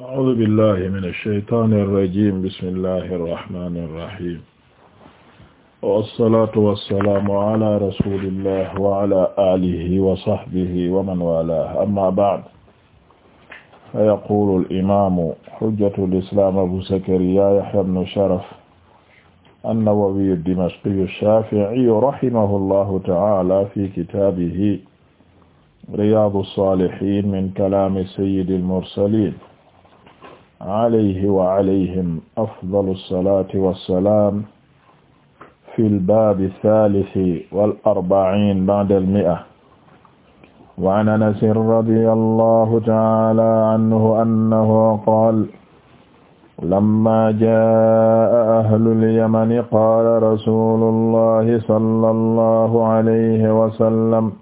أعوذ بالله من الشيطان الرجيم بسم الله الرحمن الرحيم والصلاة والسلام على رسول الله وعلى آله وصحبه ومن والاه أما بعد فيقول الإمام حجة الإسلام أبو زكريا يحيى بن شرف النووي الدمشقي الشافعي رحمه الله تعالى في كتابه رياض الصالحين من كلام سيد المرسلين alayhi wa alayhim afdalu salaati wa salaam fil baabi saalisi wal arba'iin ba'dal mi'a. wa an Anas radiyallahu ta'aala anhu annahu qaala lammaa jaa'a ahlul yamani qaala rasuulullahi sallallahu alayhi wa sallam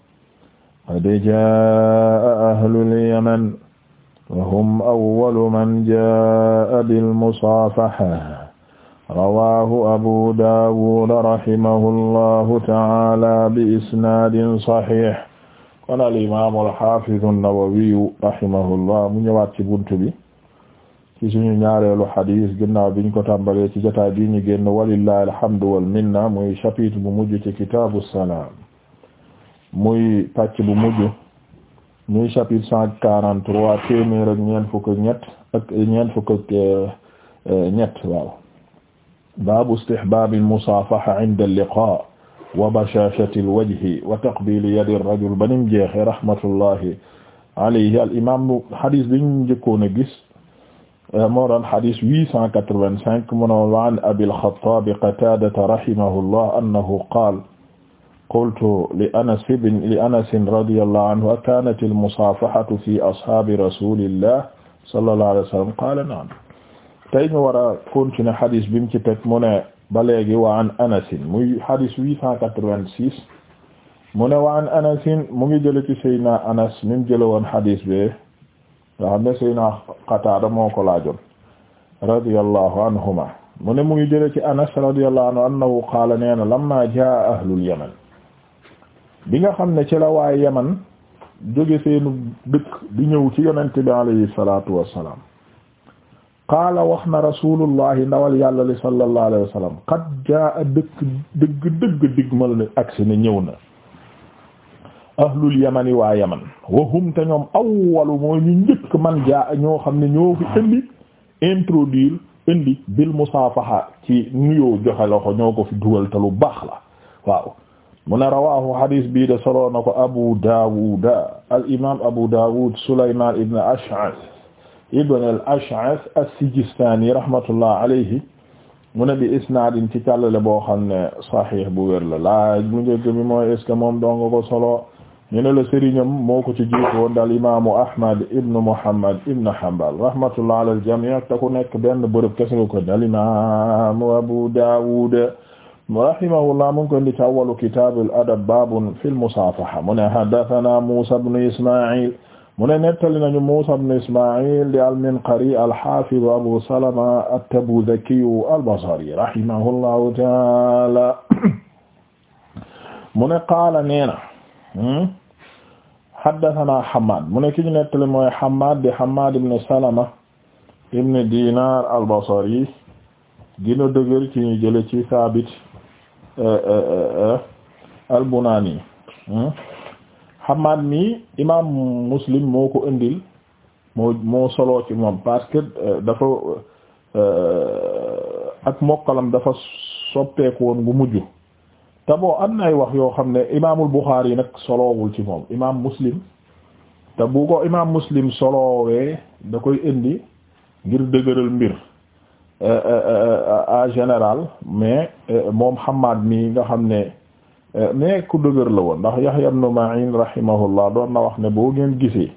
qad jaa'a ahlul yaman wahum awwalu man jaa'a bil-musaafaha rawaahu abu daawuud rahimahullahu ta'aala bi isnaadin saxiix kon al imaamul xaafidu nawawiyu rahimahullah mu ñëwaat ci buntu bi ci suñu ñaareelu xadiis ginnaaw biñ ko tàmbalee ci jotaay bi ñu génn walillahi alhamdu wal minna muy chapitre bu mujj ci kitaabu salaam muy pàcc bu mujj. muy chapitre cent quarante trois téeméer ak ñeent fukk ak ñett ak ñeent fukk ak euh, euh, ñett waaw baabu istihbaab al-musaafaha inda al-liqaa wa bashaashati al-wajhi wa taqbiili yadi ar-rajul banim jeexe rahmatullahi alayhi al-imaam hadis bi ñu njëkkoon a gis euh, moo doon hadis huit cent quatre-vingt-cinq mu ne wa an Abil Xattaab Qataadata rahimahullah annahu qaala qultu li anas li anas radiyallahu anhu akanat almusaafahatu fi ashaabi rasulillah sallallahu alayhi wa sallam qaala na'am tey ñu war a continuer xadis bi mu ci teg mu ne ba léegi wa an anas muy xadis 886 mu ne wa an anas mu ngi jële ci Seydina Anas mi mu jële woon xadis bi nga xam ne Seydina Qataada moo ko laajoon radiyallahu anhuma mu ne mu ngi jële ci Anas radiyallahu anhu annahu qaala nee na lamma jaa ahlul yaman bi nga xam ne ci la waaye yaman jóge seenu dëkk di ñëw ci yonent bi alayhi salaatu wassalaam qaala wax na rasulullahi ndawal yàlla li sallallahu alayhi wa sallam qad dëkk dëgg dëgg digmal ne agsi ne ñëw na ahlul yamani waa yaman wa ñoom awwalu mooy ñu njëkk man jaa ñoo xam ne ñoo fi indi introduire indi bil musaafaha ci nuyoo joxe loxo ñoo ko fi dugal te lu baax la waaw mu ne rawaahu hadis bii de solo na ko Abu Dawud al imaam Abu Dawud Souleymane Ibn Ash'ath Ibn al Ash'ath as-Sijistani rahmatullah alayhi mu ne bi isnaadin ci tallale boo xam ne bu wér la laaj bu njëkk bi mooy est ce que moom dong ko solo ñu ne la sëriñam moo ko ci jiitu woon daal imaamu Ahmad Ibn Muhammad Ibn Hanbal rahmatullah ala al jamii' te ku nekk benn bërëb kese nga ko daal imaamu Abu Dawud. rahimahullah mu ngi koy indi ci awwalu kitaabul adab baabun fil musaafaha mu ne haddasanaa Muusaa ibnu Ismaa'iil mu ne nettali nañu Muusaa ibnu Ismaa'iil di al-Minqari al-Haafiz Abu Salama at-Tabuzaki al-Basri rahimahullahu ta'aala mu ne qaala neena hmm? haddasanaa Hammaad mu ne ki ñu nettali mooy Hammaad di Hammaad ibnu Salama ibnu Diinaar al-Basri gën a dëgër ci ñu jële ci Saabit Euh, euh, euh, al-Bunani hmm? Hammad mi imaam Muslim moo ko indil moo moo soloo ci moom parce que dafa ak mokkalam dafa soppeeku woon gu mujj te bon am na ay wax yoo xam ne imaamul Bukhari nag solowul ci moom imam Muslim te bu ko imam Muslim solowee da koy indi ngir dëgëral mbir a euh, euh, euh, général mais moom Hammad mi nga xam ne mais ku dëgër la woon ndax Yahya ibn Ma'in rahimahullah doon na wax ne boo ngeen gisee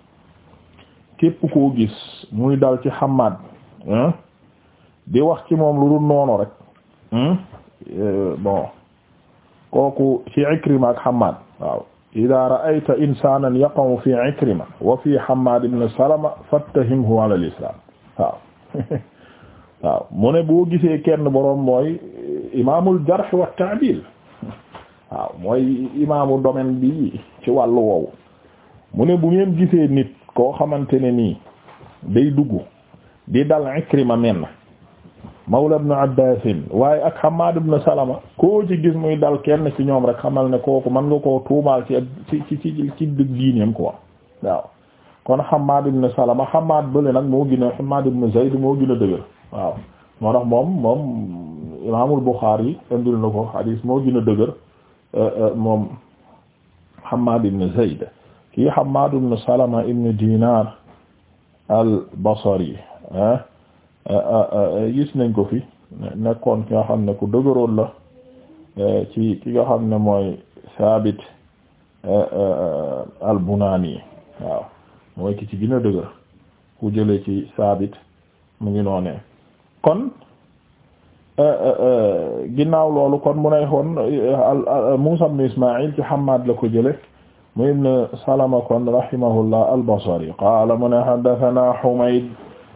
képp ko gis muy dal ci Hammad di wax ci moom lu dul noonu rek bon kooku ci Ikrima ak Hammad waaw ida ra'ayta insanan fi Ikrima wa fi Hammad ibn Salama fattahimhu ala al-islam waaw waaw mu ne boo gisee kenn boroom mooy imaamul jarh wa ta'dil waaw mooy imaamu domaine bi ci wàllu woowu mu ne bu ngeen gisee nit koo xamante ne nii day dugg di dal Ikrima menn mawla ibn Abbaas waaye ak Hammaad ibn Salama koo ci gis muy dal kenn ci ñoom rek xamal ne kooku mën nga koo tuumaal ci ci ci ci ci diineem quoi waaw kon Hammaad ibn Salama Hammaad bële nag moo gën a Hammaad ibn Zayd moo gën a dëgër waaw moo tax moom moom imaamul Buxaari indil na ko xadiis moo gën a dëgër euh, euh, moom Hammaad ibn Zayd kii Hammaad ibn Salama ibn Dinar al-Basri euh, gis nañ ko fi nekkoon ki nga xam ne ku dëgëroon la ci ki nga xam ne mooy Saabit al-Bunaani waaw mooy ki ci gën a dëgër ku jële ci Saabit mu ngi noonee kon euh, euh, euh, ginnaaw loolu kon mu nay xoon Muusaa ibn Ismaayil ci Hammaad la ko jële mu ibn Salama kon rahimahullah al-Basri qaala mu ne haddathanaa Humayd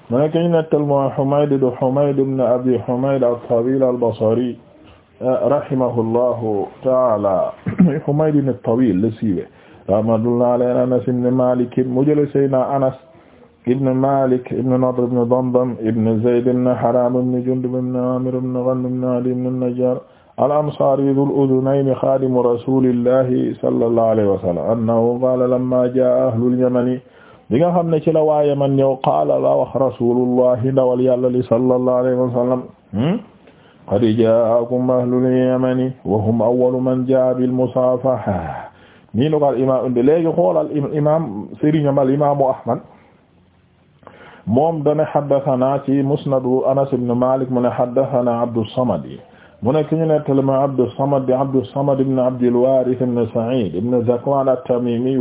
mu ne kañ nettal mooy Humayd du Humayd ibn Abi Humayd at-Tawiil al-Basri rahimahullahu ta'aala Humayd at-Tawiil la siiwe rahmatullahi alayhi Anas ibn Maalik mu jële Seydina Anas ibn Malik ibn Nadr ibn Damdam ibn Zayd ibn Haram ibn Jundub ibn Amir ibn Ghanm ibn Ali ibn an-Najjar al-Ansari dhul udhunayni khadimu rasulillahi sallallahu alayhi wa sallam annahu qala lamma jaa ahlul yamani bi nga xam ne ci la waa Yaman ñëw qaala la wax rasulullahi ndawal yàlla li sallallahu alayhi wa sallam hmm? qad jaakum ahlul yamani wa hum awwalu man jaa bil musaafaha nii nu ko al imaam indi léegi xoolal imaam Serigne Amal imaamu Ahmad moom dane haddathana ci musnadu Anas ibn Malik mu ne haddathana Abdus Samad mu ne ki ñu nettali ma Abdus Samad di Abdus Samad ibn Abdil Warith ibn Sa'id ibn Zakwan at-Tamimi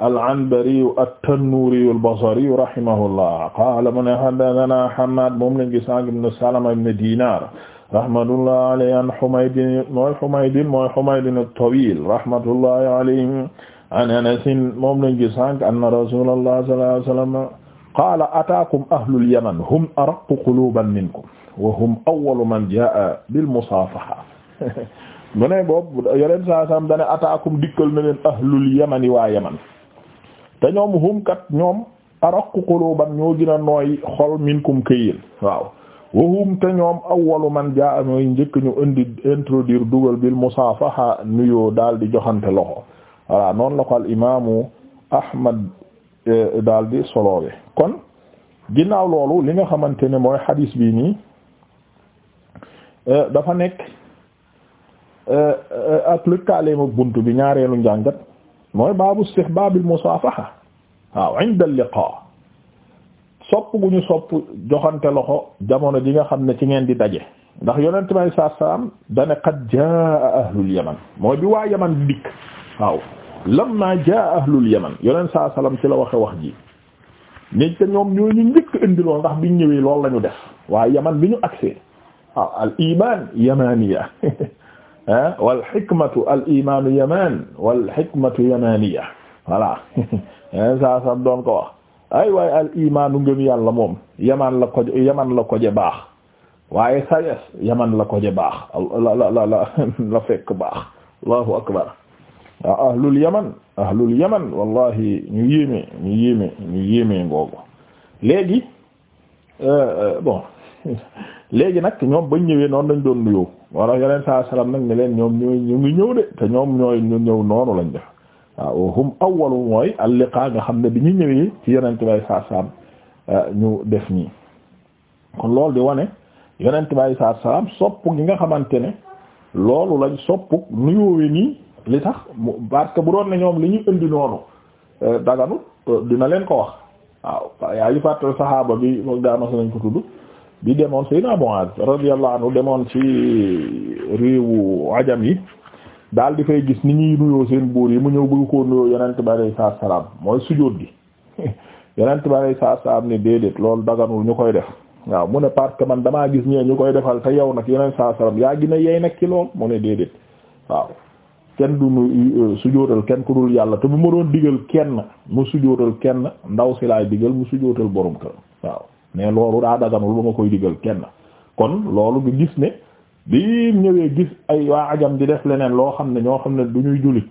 al-Anbari at-Tannuri al-Basri rahimahullah qala mu ne haddathana Hammad moom lañ gis sànq ibn Salama ibn Dinar rahmatullahi alayhi an Humayd mooy Humayd mooy Humayd at-Tawil rahmatullahi alayhi an Anas moom lañ gis sànq anna Rasulullah sallallahu alayhi wa sallam qaala ataakum ahlul yaman hum araqqu quluuban minkum wa hum awwalu man jaa'a bil musaafaha mu ne boobu yeneen saa ataakum dikkal na leen ahlul yamani waa yaman te ñoom hum kat ñoom araqqu quluuban ñoo gën a nooy xol minkum këyil waaw wa hum te ñoom awwalu man jaa'a ñooy njëkk ñu indi introduire dugal bil musaafaha nuyoo daal di joxante loxo voilà noonu la ko al imaamu Ahmad Eh, daal di soloowe kon ginnaaw loolu li nga xamante ne mooy xadiis bii nii eh, dafa nekk eh, ak lëkkaaleem ak bunt bi ñaareelu njàngat mooy baabu istihbaabil musaafaha waaw inda liqaa sopp gu joxante loxo jamono ji nga xam ne ci ngeen di daje ndax yonent bi sallallahu alayhi wasallam dane qad jaa waaw lamma jaa ahlul yaman yoneen saa salaam ci la waxe wax ji nit te ñoom ñoo ñu njëkk indi lool ndax biñ ñëwee lool la ñu def waaye yaman bi ñu agsee waaw al iman yamaniya ah wal xikmatu al imanu yaman wal xikmatu yamaniya voilà yoneen saa salaam doon ko wax ay waaye al imanu ngëm yàlla moom yaman la ko yaman la koje baax waaye sayes yaman la koje baax la la la la fekk baax allahu akbar waaw ahlul yaman ahlul yaman wallahi ñu yéeme ñu yéeme ñu yéeme ngoogu léegi euh, euh, bon léegi nag ñoom bañ ñëwee noonu dañ doon nuyoo wala yeneen saa nag ne leen ñoom ñooy ñu ngi ñëw de te ñoom ñooy ñëw noonu lañ def waaw hum awwalu mooy al-liqaa nga xam ne bi ñu ñëwee ci yonent bay saa salaam ñu def nii kon loolu di wane yonent bay saa salaam sopp gi nga xamante ne loolu lañ sopp nuyoowee nii li tax mu parce que bu doon ne ñoom li ñu indi noonu euh, daganu euh, dina leen ko wax waaw yaa yu fàttal saxaaba bi moom daanaka nañ ko tudd bi demoon Seydina Muaaz radiyallahu anhu demoon ci réewu ajam yi daal di fay gis ni ñuy nuyoo seen buur yi mu ñëw bëgg koo nuyoo yonent bi alayhi salaam mooy sujóot gi yonent bi alayhi salaam ne déedéet loolu daganul ñu koy def waaw mu ne parce que man damaa gis ñee ñu koy defal te yow nag yonent salaam yaa gis ne yey nag ci lool kenn du mu euh, sujootal kenn ku dul yàlla te bu ma doon digal kenn mu sujootal kenn ndaw si laay digal mu sujootal borom kër waaw mais loolu daa daganul ba ma koy digal kenn kon loolu bi gis ne bi ñëwee gis ay waa ajam di def leneen loo xam ne ñoo xam ne du ñuy juli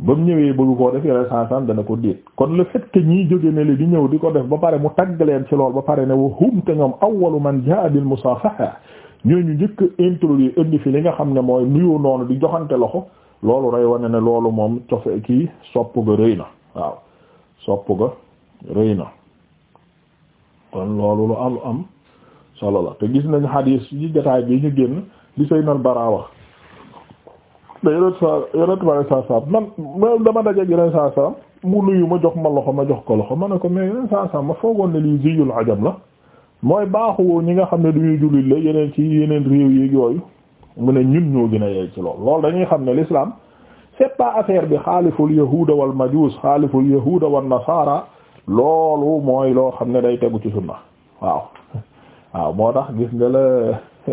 ba mu ñëwee bëgg koo def yeneen sens dana ko déet kon le fait que ñii jóge ne li di ñëw di ko def ba pare mu tagg leen ci lool ba pare ne wa hum te ñoom awwalu man jaa bil musaafaha ñooñu njëkk introduire indi fi li nga xam ne mooy nuyoo noonu di joxante loxo. loolu day wane ne loolu moom cofe kii sopp ga rëy na waaw sopp ga rëy na kon loolu lu am lu am solo la te gis nañ xadiis yi jotaay bi ñu génn li say nan baraa wax da yonent sa yonent bare saa saam dama dajeek yonent saa saam mu nuyu ma jox ma loxo ma jox ko loxo ma ne ko mais yonent saa saam ma foogoon ne lii ziyul ajam la mooy baaxu ñi nga xam ne duñuy jullit la yeneen ci yeneen réew yi yooyu mu ne ñun ñoo gën a yey ci lool loolu dañuy xam ne lislaam c'est pas affaire bi xaaliful yahuda wal majuus xaaliful yahuda wal nasaara loolu mooy loo xam ne day tegu ci sunna waaw waaw moo tax gis nga la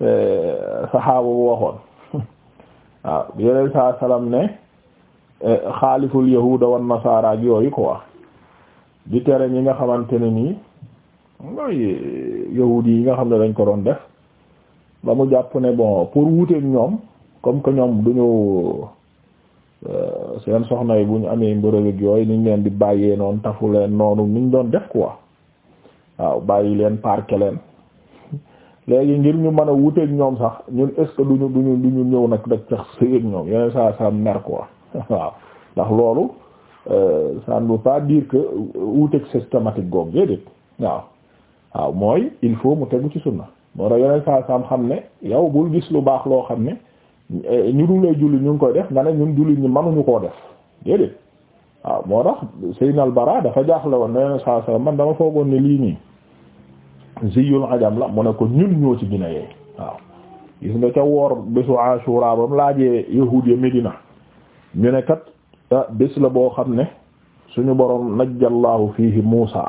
eh, saxaaba bu waxoon waaw yeneen saa salaam ne eh, xaaliful yahuda wan nasaara ak yooyu quoi di tere ñi nga xamante ne nii mooy yahuudi yi nga xam ne dañ ko doon def ba mu jàpp ne bon pour wuuteeg ñoom comme que ñoom duñu euh, seen soxna yi bu ñu amee mbërëg yooyu niñ leen di bàyyee noonu tafu leen noonu niñ doon def waa waaw bàyyi leen parke leen léegi ngir ñu man a wuteeg ñoom sax ñun est ce que duñu duñu duñu ñëw nag dak sax sëyeeg ñoom yeneen saa saa mer waaw ndax loolu saan euh, bu veut pas dire que wuuteeg systématique goog déedéet waaw waaw mooy il faut mu tegu ci sunna moo tax yeneen saa saam xam ne yow bul gis lu baax loo xam ne eh, ñu dul lay julli ñu koy def nga ne ñun julli ñi mënuñu koo def déedéet waaw moo tax Seynal Bara dafa jaaxle woon ne yeneen saa saam man dama foogoon ne lii nii ziyul ajam la mu ne ko ñun ñoo ci gina yeey waaw gis nga ca woor bésu Ashura bam laajee yahuud ya Medina ñu ne kat ah, bés la boo xam ne suñu borom najjallahu fiihi Muusa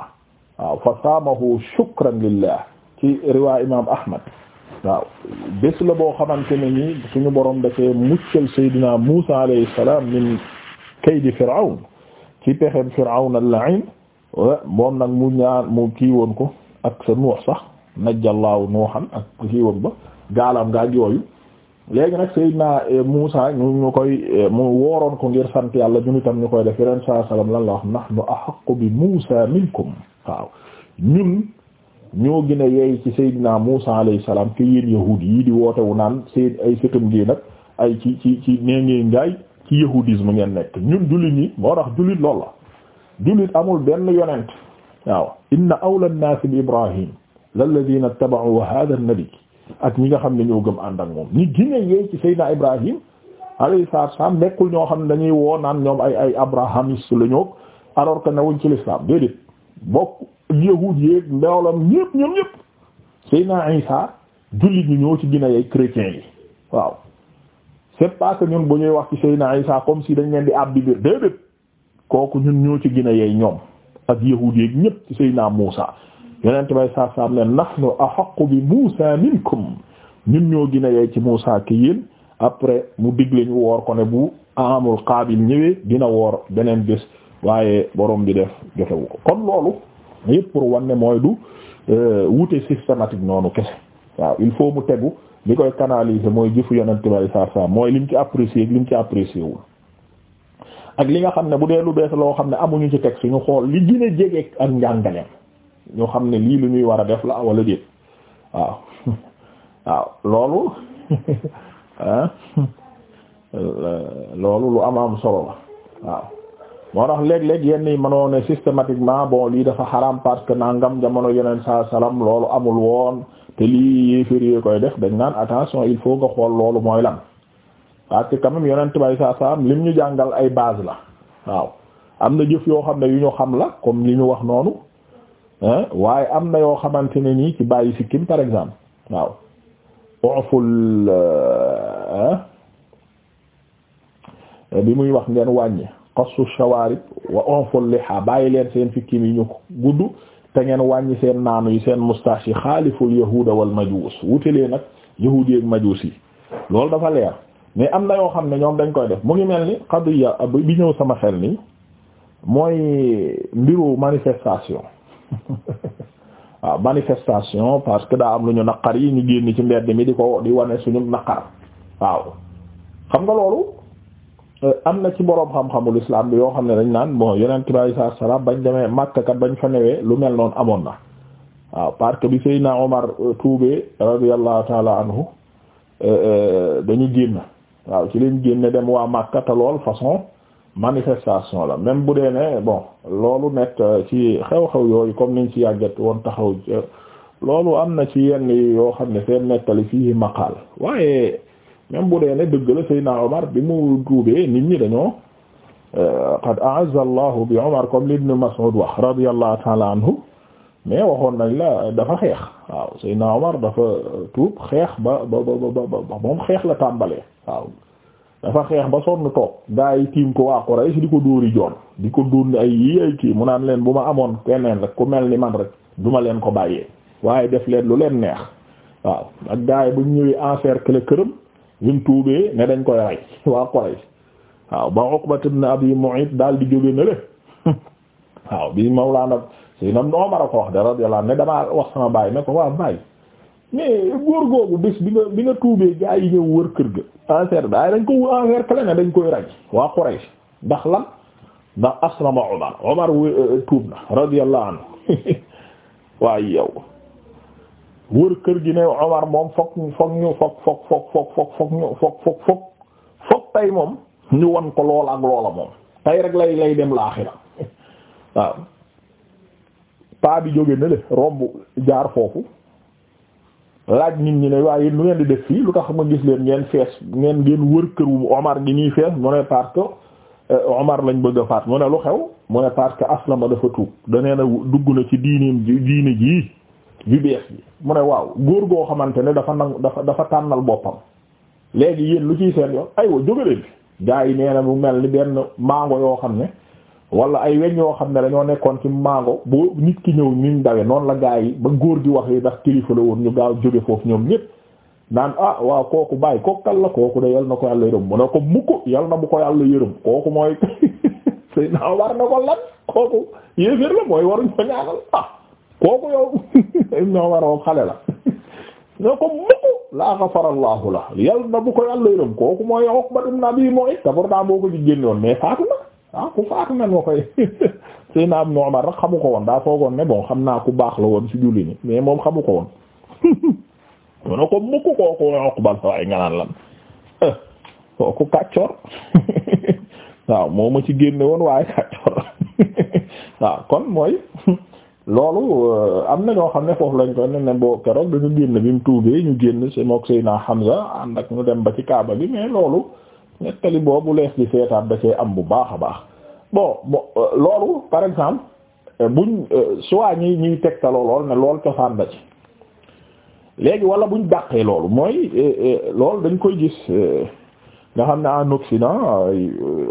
waaw fa saamahu shukran lillah ci riwaa imam ahmad waaw bés la boo xamante ne ni suñu borom da cee muccal saydina Muusa alayhi salaam min kaydi Fir'awn ci pexem Fir'awn al moom nag mu ñaan mu kii woon ko ak sa nuux sax najjallaahu nuuxan ak kii woon ba gaalaam ngaa jooyu léegi nag saydina eh, Muusa ñu ñu koy eh, mu wooroon ko ngir sant yàlla ñu itam ñu koy def yeneen saa salaam lan la wax nahnu ahaqqu bi Muusa minkum waaw ñun ñoo gën yeey ci Seydina Muusa alayhi salaam ke yéen yahuud yi di wootewu naan seen ay sëtam gi nag ay ci ci ci nee ngeen ngaay ci yahudisme ngeen nekk ñun jullit ñi moo tax jullit lool la jullit amul benn yonent waaw inna awla an-naasi bi Ibrahim lalladina taba'u hadha an-nabi ak ñi nga xam ne ñoo gëm ànd ak moom ñi gën a yeey ci Seydina Ibrahim alayhi salaam nekkul ñoo xam ne dañuy woo naan ñoom ay ay abrahamis la ñoo alors que newuñ ci l'islam déedéet bokk yahuud yeeg ndawlam ñëpp ñoom ñëpp Seydina Isa jullit ñu ñoo ci gën a yey chrétiens yi waaw c'est pas que ñun bu ñuy wax ci Seydina Isa comme si dañ leen di abbi biir déedéet kooku ñun ñoo ci gina a yey ñoom ak yahuud yeeg ñépp ci Seydina Muusa yeneen bay saa saa ne nahnu ahaqqu bi Muusa minkum ñun ñoo gina a ci Muusa ki yéen après mu digle ñu woor ko ne bu amul qaabil ñëwee dina woor beneen bés waaye boroom bi def jotewu ko kon loolu yëpp pour wanne mooy du euh, wute systématique noonu kese waaw il faut mu tegu li koy canaliser mooy jëfu yonent bay saar saar mooy lim ci apprécier ak lim ci apprécier wul ak li nga xam ne bu dee lu bees loo xam ne amuñu ci teg texte ñu xool li gën a jege ak njàngaleem ñu xam ne lii lu ñuy war a def la wala déet waaw waaw loolu ah, loolu lu am am solo la waaw moo tax léeg-léeg yenn yi mënoo ne systématiquement bon lii dafa xaram parce que ngam jamono yeneen saa salaam loolu amul woon te lii yéeférie koy def dañ naan attention il faut nga xool loolu mooy lan parce que quand même yeneen tibay saa salaam lim ñu jàngal ay base la waaw am na jëf yoo xam ne yu ñu xam la comme li ñu wax noonu waaye am na yoo xamante ne nii ci bàyyi sikkim par exemple waaw oful euh, bi muy wax ngeen wàññi qassu shawarib wa onful liha bàyyi leen seen fikkim yi ñu gudd te ngeen wàññi seen naanu yi seen moustache yi xaaliful yahuda wal majuus wutelee nag yahuudi ak majuus yi loolu dafa leer mais am na yoo xam ne ñoom dañ koy def mu ngi mel ni qadiya bi ñëw sama xel nii mooy mbiru manifestation waaw manifestation parce que daa am lu ñu naqar yi ñu génn ci mbedd mi di ko di wane suñu naqar waaw xam nga loolu Euh, am na ci boroom xam-xamul islam bi yoo xam ne dañ naan bon yeneen bi alayhi salaatu salaam bañ demee Makka kat bañ fa newee lu mel noonu amoon na waaw parce que bi Seydina Omar euh, tuubee radiyallahu taala anhu euh, dañu génn waaw ci leen génne dem waa Makka te lool façon manifestation la même bu dee ne bon loolu nekk ci xew-xew yooyu comme niñ ci yàggat woon taxaw loolu am na ci yenn yoo xam ne seen nettali fii maqaal waaye même bu dee ne dëgg la Seydina Omar bi mu tuubee nit ñi dañoo euh, qad a'azza Allahu bi Omar comme li Ibn Mas'ud wax radiyallahu ta'ala anhu mais waxoon nañ la dafa xeex waaw Seydina Omar dafa tuub xeex ba ba ba ba moom xeex la tàmbalee waaw dafa xeex ba sonn toog gaa yi tiim ko waa Quraysh di ko dóori joon di ko dóor ay yi ay kii mu naan leen bu ma amoon keneen rek ku mel ni man rek duma leen ko bàyyee waaye def leen lu leen neex waaw ak gaa yi ñëwee encercler këram bimu tuubee ne dañ koy rey waa Quraysh waaw ba Uqbat ibn Abi Mu'ayt daal di jóge na le waaw bi Mawlana Sayyidina Umar a ko wax de radiyallahu anhu ne damaa wax sama baay ne ko waa baay mais góor googu bés bi nga bi nga tuubee gaa yi ñëw wër kër ga encer daay dañ ko encercler ne dañ koy rey waa Quraysh ndax lan ndax aslama Umar Umar tuub na radiyallahu anhu waaye yow wër kër gi ne Omar moom fokk fokk ñu fokk fokk fokk fokk fokk fokk ñu fokk fokk fokk fokk tey moom ñu wan ko loola ak loola moom tey rek lay lay dem laaxira waaw paa bi jóge na le jaar foofu laaj nit ñi ne waaye lu ngeen di def fii lu tax ma gis leen ngeen fees ngeen ngeen wër kër wu Omar gi ñuy fees mu ne parce que euh, Omar lañ bëgg a faat mu ne lu xew mu ne parce que aslama dafa tuub da nee dugg na ci diineem ji diine jii bi bees bi mu ne waaw góor goo xamante ne dafa nangu dafa dafa tànnal boppam léegi yéen lu ciy seen yoon aywa jógaleen bi gars yi nee na mel ni benn mango yoo xam ne wala ay weñ yoo xam ne dañoo nekkoon ci mango boo nit ki ñëw niñ dawe noonu la gars yi ba góor gi wax waxee ndax kilifa la woon ñu gaaw jóge foofu ñoom ñëpp naan ah waaw kooku bàyyi kooku kan la kooku de yal na ko yàlla yërëm mu ne ko mukk yal na bu ko yàlla yërëm kooku mooy sëy naa war na ko lan kooku yéeféer kooku yow Ibn Umar moom xale la ñoo ko mukk laa xafarallahu la yal na bu ko yàlla yërëm kooku mooy Uqba ibn Abi Mu'ayt te pourtant boo ko ci génnoon mais ah, xamu ko woon daa xam naa ku baax la woon ci julli mais moom xamu ko woon mu ko mukk kooku Uqba sa waay nga naan lan eh, kooku kàccoor waaw moo ma ci génne woon waaye kàccoor waaw kon mooy loolu euh, am na ñoo xam ne foofu lañ ko ne ne boo keroog dañu génn bi mu tuubee ñu génn si mook Seydina Hamza ànd ak ñu dem ba ci Kaaba gi mais loolu nettali boobu lees di seetaat da cee am bu baax a baax bon bon euh, loolu par exemple euh, buñ soit ñi ñuy tegtaloo lool ne lool cosaan da ci léegi wala buñ dàqee loolu mooy loolu dañ koy gis nga xam ne en Occident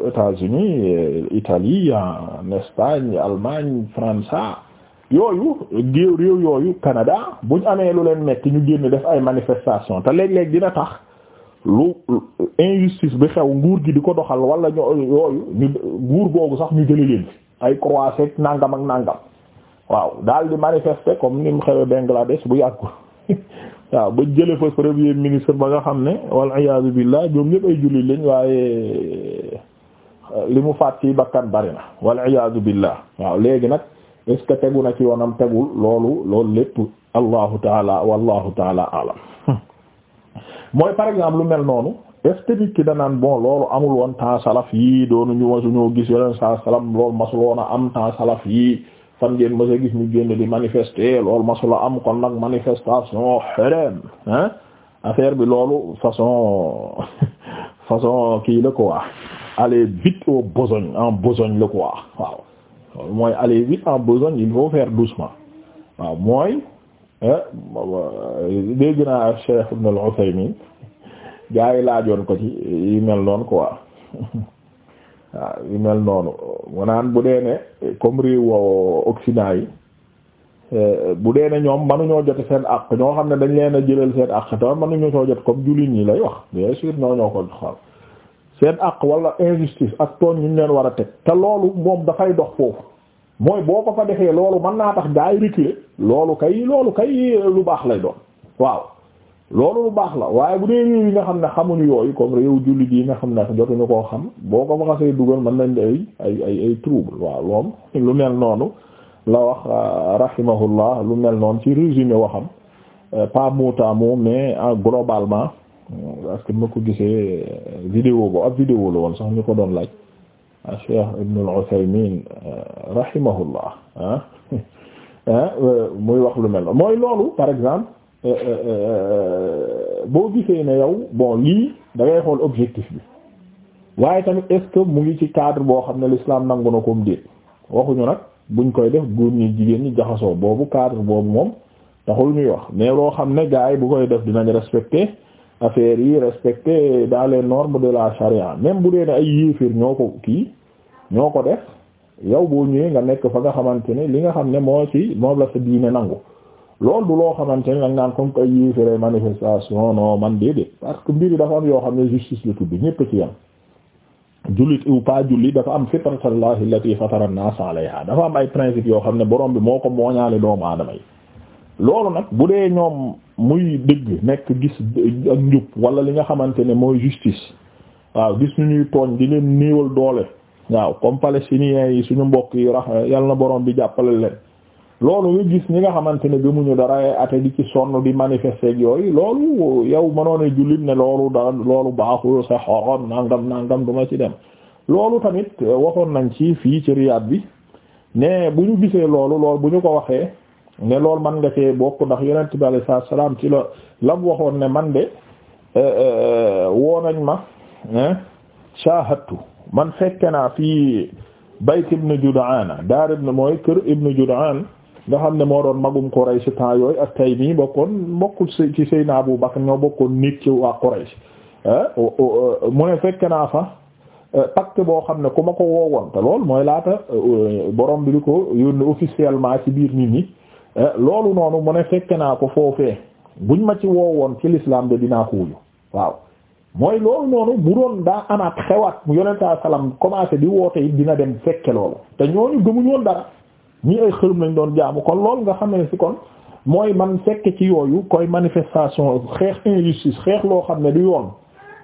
États-Unis Italie en Espagne Allemagne France yooyu géew réew yooyu Canada bu ñu amee lu leen nekk ñu génn def ay manifestation te léeg-léeg dina tax lu injustice bi xew nguur gi di ko doxal wala ñoo yooyu ñu nguur googu sax ñu jëli leen ay croisé nangam ak nangam waaw daal di manifester comme ni mu xewee Bangladesh bu yàgg waaw ba jële fa premier ministre ba nga xam ne wal iyaazu billaah ñoom ñëpp ay jullit lañ waaye li mu faat ci bakkan bari na iyaazu billaah waaw léegi nag est ce que tegu na ci yoonam tegul loolu loolu lépp allahu taala wallahu taala alam mooy par exemple lu mel noonu est ce ki danaan bon loolu amul woon temps salaf yii doonu ñu masuñoo gis yoleen saa salam loolu ma woon a am temps salaf yii fan ngeen mas a gis ñu génn di manifester loolu la am kon nag manifestation xerem hein affaire bi loolu façon façon kii la quoi aller vite au besogne en besogne la quoi waaw loolu mooy aller vite en besogne il faut faire doucement waaw mooy dégg naa Cheikh Ibn al-Uthaymin gaa yi laajoon ko ci yi mel noonu quoi waaw yi mel noonu mu naan bu dee ne comme réew Occident yi eh, bu dee ne ñoom mënuñoo jot seen àq ñoo xam ne dañ leen a jëlal seen àq te mënuñu soo jot comme jullit ñi lay wax bien sûr ñoo ñoo ko xal seen àq wala injustice ak tooñ ñu leen war a teg te loolu moom dafay dox foofu mooy boo ko fa defee loolu man naa tax gaa yi reculer loolu kay loolu kay lu baax lay doon waaw loolu lu baax la waaye bu dee réew yi nga xam ne xamuñu yooyu comme réew jullit yi nga xam ne jotuñu koo xam boo ko fa xasee dugal mën nañ ay ay ay ay trouble waaw loom lu mel noonu la wax euh, rahimahullah lu mel noonu ci résumé waxam euh, pas mot à mot mais euh, globalement parce que ma ko gisee euh, vidéo bo ab vidéo la woon sax ñu ko doon laaj a ah, Cheikh Ibn al-Uthaymin euh, rahimahullah ah, ah euh, muy wax lu mel mooy loolu par exemple boo gisee ne yow bon lii da xool objectif bi waaye tamit est mu ngi ci cadre boo xam ne lislaam nangu na koom déet waxuñu nag buñ koy def góor ñi jigéen ñi jaxasoo boobu cadre boobu moom taxul ñuy wax mais loo xam ne gars yi bu koy def dinañ respecté affaire yi respecté dans les normes de la charia même bu dee ne ay yéefir ñoo ko kii ñoo ko def yow boo ñëwee nga nekk fa nga xamante ne li nga xam ne moo ci moom la sa diine nangu loolu du loo xamante ne nag naan comme que ay yéefire manifestation non man déedéet parce que mbiri dafa am yoo xam ne justice la tudd ñëpp ci yam jullit ou pas jullit dafa am fitratallahi allati fatara an-nas alayha dafa am ay principe yoo xam ne borom bi moo ko mooñaale doomu aadama yi loolu nag bu dee ñoom muy dëgg nekk gis ak njub wala li nga xamante ne mooy justice waaw gis ñu ñuy tooñ di leen néewal doole waaw comme palestiniens yi suñu mbokk yi rax yal na borom bi jàppale leen loolu nga gis ñi nga xamante ne gëmuñu dara ate di ci sonn di manifester ak yooyu loolu yow mënoon a jullit ne loolu da loolu baaxul sa xorom nangam nangam duma ci dem loolu tamit waxoon nañ ci fii ci Riyad bi ne bu ñu gisee loolu loolu bu ñu ko waxee. ne loolu man nga cee bokk ndax yonent bi alayhi salaatu salaam ci la lam waxoon ne man de eh, eh, woo nañ ma eh, shahadtu man fekke naa fii bayt ibn Judaana daar ibn mooy kër ibn Judaan nga xam ne moo doon magum Quraysh temps yooyu ak tay mii bokkoon bokkul ci Seydina bu Bakr ñoo bokkoon nit ci waa Quraysh mu ne fekke naa fa pacte boo xam ne ku ma ko woowoon te lool mooy laata borom bi di ko yónni officiellement ci biir nit ñi Eh, loolu noonu mu ne fekke naa ko foofee buñ ma ci woowoon ci l'islam de dinaa xuuju waaw mooy loolu noonu bu doon daa anaat xewaat mu yonentaa salam commencé di woote it dina dem fekke loolu te ñooñu gëmu woon dara ñii ay xërëm lañ doon jaamu kon lool nga xam ne ci kon mooy man fekke ci yooyu koy manifestation xeex injustice xeex loo xam ne du yoon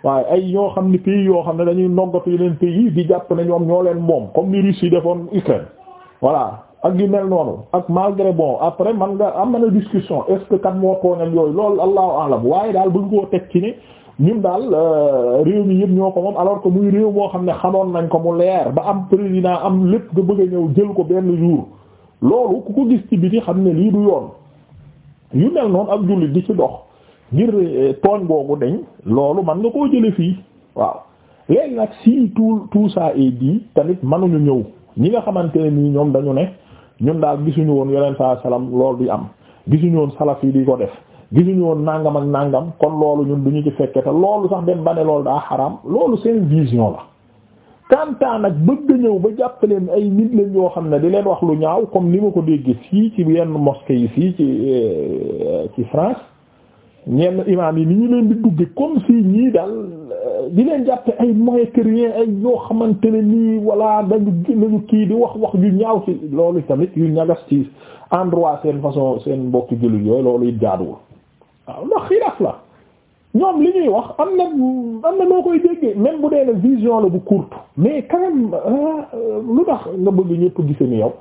waaye ay yoo xam ni pays yoo xam ne dañuy noggatu leen pays di jàpp ne ñoom ñoo leen moom comme ni Russie yi defoon Ukraine voilà ak yu mel noonu ak malgré bon après man nga am na na discussion est-ce que kat moo tooñal yooyu loolu allahu alam waaye daal bëgg koo teg ci ni ñun daal euh, réew mi yëpp ñoo ko moom alors que muy réew moo xam ne xamoon nañ ko mu leer ba am président am lépp nga bëgg a ñëw jël ko benn jour loolu ku ko gis ci biti xam ne lii du yoon yu mel noonu ak jullit di ci dox ngir euh, tooñ boobu dañ loolu man nga koo jële fii waaw léegi nag si tout tout ça est dit tamit ñëw ñi nga xamante ne nii ñoom dañu ne ñun daal gisuñu woon yeneen saa salaam loolu di am gisuñu woon salaf yi di ko def gisuñu woon nangam ak nangam kon loolu ñun du ñu ci fekke te loolu sax benn ba ne loolu daa xaraam loolu seen vision la. kantaan nag bëgg ñëw ba jàpp leen ay nit lañ yoo xam ne di leen wax lu ñaaw comme ni ma ko déggee fii ci yenn mosquée yi fii ci euh, ci France. ñenn imaam yi ni ñu leen di dugge comme si ñii daal euh, di leen jàppe ay moyen ay yoo xamante ne nii walla dañu kii di wax wax yu ñaaw ci loolu tamit yu ñagas ci endroit seen façon seen mbokki jullit yooyu loolu it jaaduwul waaw ndax xilaaf la ñoom li ñuy wax am na am na noo koy déggee même bu dee ne vision la bu courte mais quand même ah, euh, lu tax nga bëgg ñëpp gise ni yow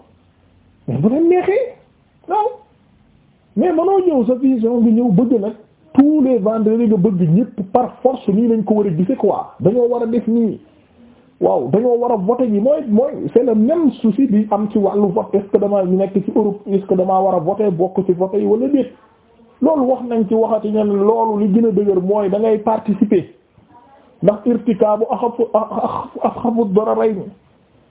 mais bu leen neexee waaw mais mënoo ñëw sa vision bi ñëw bëgg nag tous les vendredis nga bëgg ñëpp par force nii lañ ko war a gise quoi dañoo war a def nii waaw dañoo war a voter ji mooy mooy c'est le même souci bi am ci wàllu vote est-ce que nekk ci Europe est-ce que damaa war a voter bokk ci vote yi wala déet loolu wax nañ ci waxati ñen loolu li gën a dëgër mooy da ngay participer ndax a axafu axafu dararayni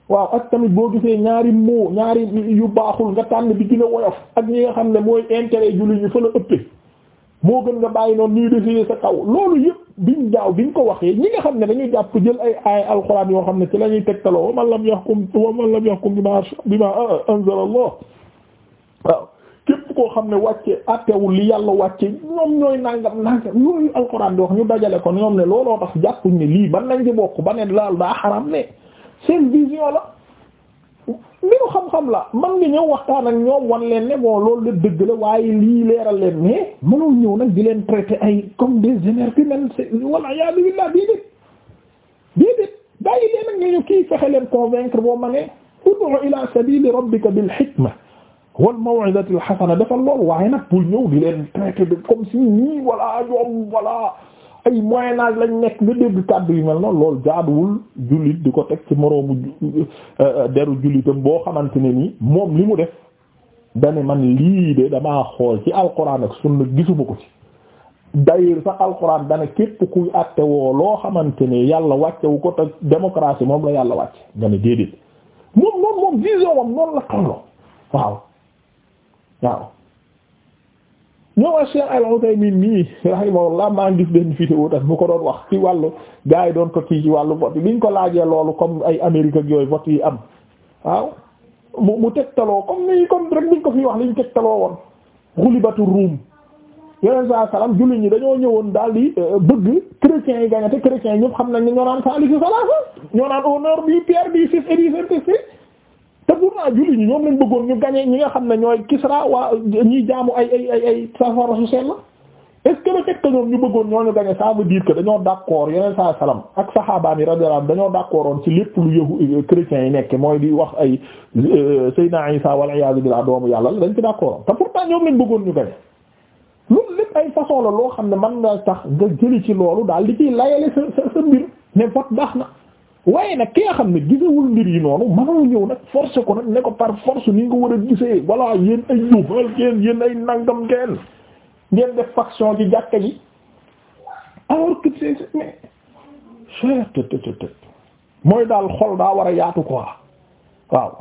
waaw ak tamit boo gisee ñaari moo ñaari yu baaxul nga tànn bi gën a woyof ak ñi nga xam ne mooy intérêt jullit ñi fa moo gën nga bàyyi noonu ñuy defee sa kaw loolu yëpp biñ daaw biñ ko waxee ñi nga xam ne dañuy jàpp jël ay ay alxuraan yoo xam ne ci la ñuy tegtaloo wa man lam yahkum wa man lam yahkum bima bima anzala Allah waaw képp koo xam ne wàcce attewul li yàlla wàcce ñoom ñooy nangam nangam yooyu alxuraan di wax ñu dajale ko ñoom ne looloo tax jàppuñ ne lii ban nañ ci bokk ba ne laal daa xaram ne seen vision la. mbiru xam-xam la man nga ñëw waxtaan ak ñoom wan leen ne bon loolu de dëgg la waaye lii leeral leen mais mënul ñëw nag di leen traité ay comme des énergumènes walla yaa billah déedéet déedéet bàyyi leen ak nga ñëw kii fexe leen convaincre boo ma ne ud'u ila sabili rabbika bil hikma wal maw'izati al hasana defal loolu waaye nag bul ñëw di leen traité de comme si ñii walla ñoom walla ay moyen âge lañ nekk nga dégg kàddu yu mel noonu loolu jaaduwul jullit di ko teg ci moroomu euh, deru jullitam boo xamante ne ni moom li mu def dane man lii de damaa xool ci alquran ak sunna gisuma ko ci d'ailleurs sax alquran dana képp kuy àtte woo loo xamante ne yàlla wàccewu ko te démocratie moom la yàlla wàcce nga ne déedéet moom moom moom vision moom la xamlo waaw waaw ñoom Cheikh Al-Utaymin nii rahimahullah maa ngi gis benn vidéo tam mu ko doon wax ci wàllu gars yi doon ko kii ci wàllu vote biñ ko laajee loolu comme ay Amérique ak yooyu vote yi am waaw mu mu tegtaloo comme ni comme rek biñ ko fi wax liñ tegtaloo woon xulibatu ruum yeneen saa salaam jullit ñi dañoo ñëwoon daal di euh, bëgg chrétiens yi gagné te chrétiens yi ñëpp xam nañ ne ñoo naan salisi salaasa ñoo naan honneur bi Pierre bi fils et du saint te pourtant julli ñi ñoom lañ bëggoon ñu gañe ñi nga xam ne ñooy Kisra waa ñiy jaamu ay ay ay ay safara su sell est ce que le fait que ñoom ñu bëggoon ñoo ñu gañe ça veut dire que dañoo d'accord yeneen saa salaam ak saxaabaam yi radiyallahu dañoo d'accordoon ci lépp lu euh, yi nekk mooy di wax ay euh, Seydina Isa wal iyaazu billah doomu yàlla dañ ci d'accordoon te pourtant ñoom lañ bëggoon ñu gañe ay façon la loo xam ne mën nga tax nga ci loolu daal di ciy layale sa sa mbir ne vote baax na. waaye nag ki nga xam ne gisewul mbir yi noonu mënoo ñëw nag force ko nag ne ko par force ni nga war a gisee voilà yéen ay yóbbal ngeen yéen ay nangam ngeen ngeen def faction ci jàkka ji alors que c'est mais mooy daal xol daa war a yaatu quoi waaw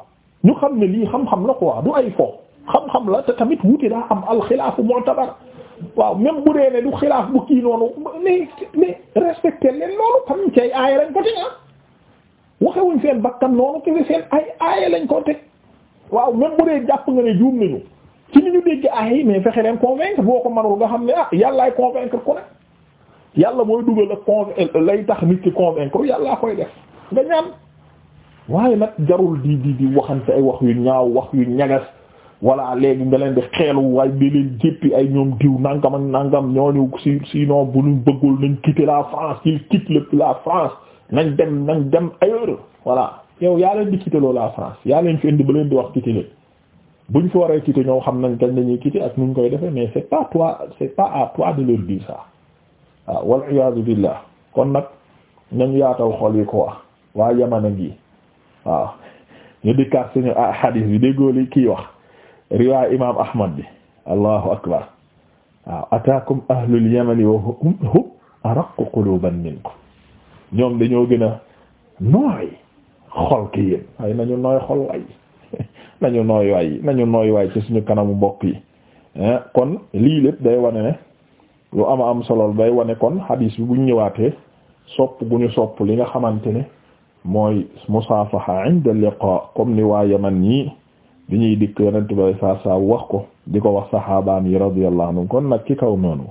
ñu xam ne lii xam-xam la quoi du ay fo xam-xam la te tamit wuute daa am alxilaafu mu'tabar waaw même bu dee ne du xilaaf bu kii noonu mais mais respecté leen loolu xam nga cay aay rek ko te ah waxewuñ seen bakkan noonu kese seen ay aaya lañ ko teg waaw même bu dee jàpp nga ne juum nañu ci ni ñu dégg aaya yi mais fexe leen convaincre boo ko manul nga xam ne ah yàllaay convaincre ku ne yàlla mooy dugal ak convaincre eh, lay tax nit ki convaincre yàllaa koy def nga ñaan waaye nag jarul di di di waxante ay wax yu ñaaw wax yu ñagas walla léegi nga leen di xeelu waaye di leen jéppi ay ñoom diw nangam ak nangam ñooñu si sinon bu ñu bëggul nañ quitter la France il quitte la France nañ dem nañ dem ailleurs voilà yow yaa leen di quitter la France yaa leen fi indi ba leen di wax quitter leen buñ fi waree quitter ñoo xam nañ kañ lañuy quitter ak nuñ koy defee mais c'est pas toi c'est pas à toi de leur dire ça waaw ah, wal iyaadu billah kon nag nañ yaataw xol yi ko wax waa yamana gi waaw ñu dikkaat suñu hadith ah, bi déggoo li kii wax riwaay imam ahmad bi allahu akbar waaw ataakum ahlul yamani wa hum araqu quluban minkum ñoom dañoo gën a nooy xol ki yéen waaye nañu nooy xol waay nañu nooy waay nañu nooy waay ci suñu kanamu mbokk yi eh, kon lii lépp day wane ne lu ama am solo lu day wane kon hadis bi buñ ñëwaatee sopp gu ñu sopp li nga xamante ne mooy musaafaha inda liqa comme ni waa yaman ñii bi dikk yonent bi saa saa wax ko di ko wax saxaabaam yi radiyallahu anhum kon nag ki kaw noonu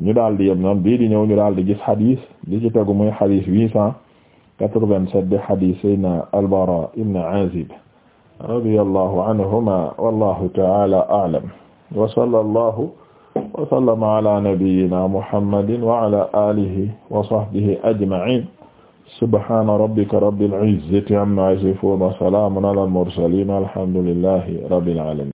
ñu daal di yem noonu bii di ñëw ñu daal di gis xadis li ci tegu muy xadis huit cent quatre-vingt-sept di xadis Seydina Al-Bara ibn Azib radiyallahu anhuma wallahu ta'ala a'lam wa sallallahu wa sallama ala nabiyyina muhammadin wa ala alihi wa sahbihi ajma'in subhana rabbika rabbil izzati amma yasifun wa salamun ala al-mursalin walhamdulillahi rabbil alamin